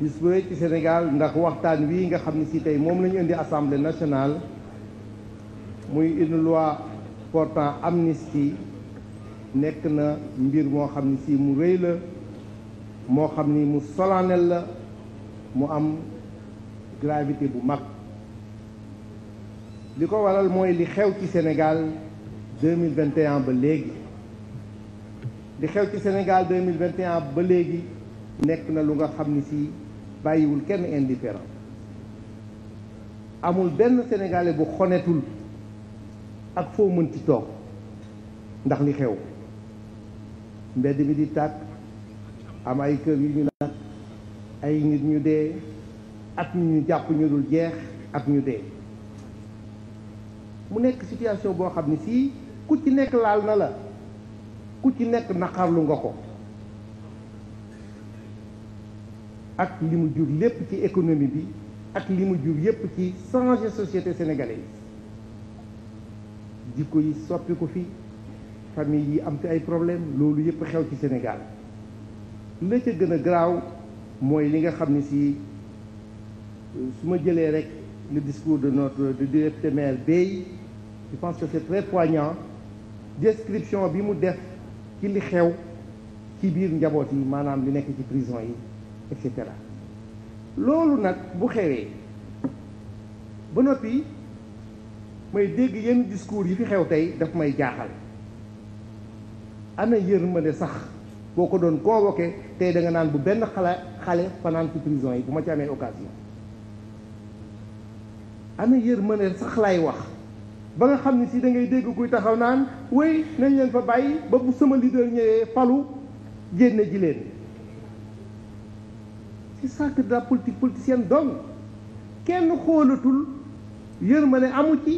bis ba ci Sénégal ndax waxtaan wi nga xam ne si tey moom la ñu indi assemblée nationale muy une loi portant amnistie nekk na mbir moo xam ne si mu rëy la moo xam ni mu solennel la mu am gravité bu mag li ko waral mooy li xew ci Sénégal deux mille vingt et ba léegi li xew ci Sénégal deux mille vingt et ba léegi nekk na lu nga xam ni si bàyyiwul kenn indifférent amul benn sénégalais bu xonetul ak foo mën ci toog ndax li xew mbedd mi di tàkk am ay kër yu ñu nag ay nit ñu dee at ñu jàpp ñu dul jeex ak ñu dee mu nekk situation boo xam ne sii ku ci nekk laal na la ku ci nekk naqarlu nga ko ak li mu jur lépp ci économie bi ak li mu jur yépp ci changer société sénégalaise jikko yi soppi ko fi famille yi am fi ay problème loolu yépp xew ci Sénégal la ca gën a garaaw mooy li nga xam ne si euh, su ma jëlee rek le discours de notre de député maire Bey je pense que c'est très poignant description bi mu def ci li xew ci biir njaboot yi maanaam li nekk ci prison yi et loolu nag bu xewee ba noppi may dégg yenn discours yi fi xew tey dafa may jaaxal ana yërmande sax boo ko doon convoqué tey danga naan bu benn xale xale fanaan ci prison yi bu ma ci amee occasion ana yërmande sax lay wax ba nga xam ne si da ngay dégg kuy taxaw naan wéy nañ leen fa bàyyi ba bu sama leader ñëwee falu génne ji leen c'est ça que de la politicienne donc kenn xoolatul yërmande amu ci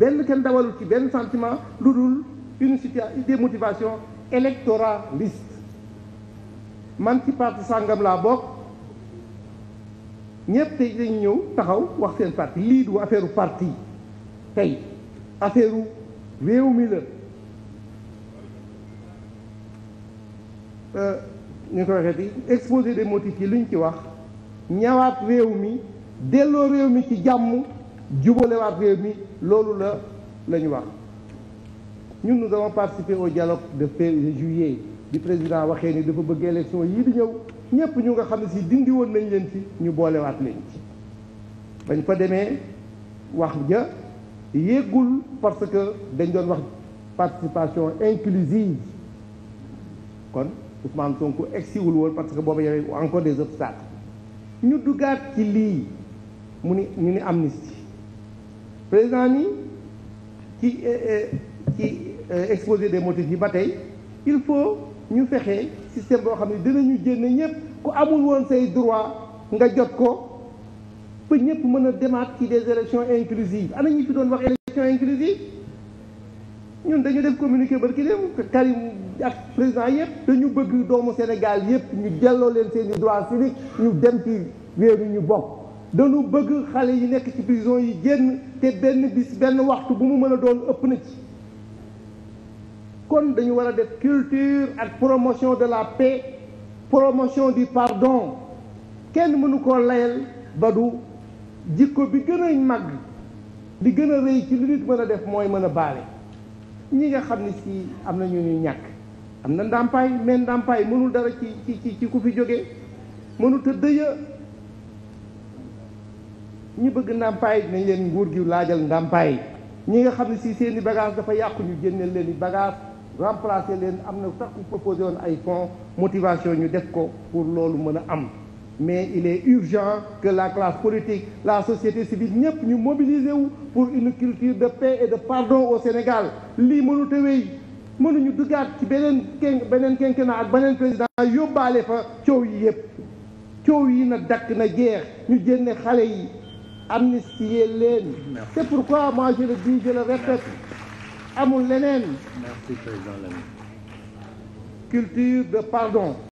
benn kenn dawalul ci benn sentiment lu dul une situation des motivations électoralistes man ci parti sàngam laa bokk ñëpp tey dañu ñëw taxaw wax seen parti lii du affaire parti tey affaire réew mi ñu ngi waxee waxeeti exposé de motifs yi lu ñu ci wax ñawaat réew mi delloo réew mi ci jàmm jubalewaat réew mi loolu la la wax ñun nous avons participé au dialogue de février juillet bi président waxee ni dafa bëgg élection yii di ñëw ñëpp ñu nga xam ne si dindi woon nañ leen ci ñu boolewaat leen ci bañ fa demee wax ja yéegul parce que dañ doon wax participation inclusive kon Ousmane Sonko egsiwul woon parce que boobu yore encore des obstacles ñu duggaat ci lii mu ni ñu ni amnistie président ni ci euh, euh, ci euh, exposé des motifs yi ba tey il faut ñu fexe système boo xam ne ñu génne ñëpp ku amul woon say droit nga jot ko ba ñëpp mën a demaat ci des élections inclusives ana ñu fi doon wax élections inclusives ñun dañu def communiqué barki dem Karim ak président yëpp dañu bëgg doomu Sénégal yëpp ñu delloo leen seeni droit civique ñu dem ci réew ñu bokk dañu bëgg xale yi nekk ci prison yi génn te benn bis benn waxtu bu mu mën a doon ëpp na ci kon dañu war a def culture ak promotion de la paix promotion du pardon kenn mënu koo layal ba du jikko bi gën a màgg di gën a rëy ci li nit mën a def mooy mën a baale ñi nga xam ne si am na ñu ñuy ñàkk am na ndàmpaay mais ndàmpaay mënul dara ci ci ci ci ku fi jógee mënut a dëya ñu bëgg ndàmpaay nañ leen nguur gi laajal ndàmpaay ñi nga xam ne si seen i bagage dafa yàqu ñu génneel leen i bagage remplacer leen am na sax ku proposé woon ay fonds motivation ñu def ko pour loolu mën a am mais il est urgent que la classe politique la société civile ñëpp ñu mobiliser wu pour une culture de paix et de pardon au Sénégal lii mënut a wéy mënuñu duggaat ci beneen kenk beneen quinquennat ak beneen président yóbbaale fa coow yi yëpp coow yi na dakk na jeex ñu génne xale yi amnistier leen c'est pourquoi moi je le dis je le répète amul leneen culture de pardon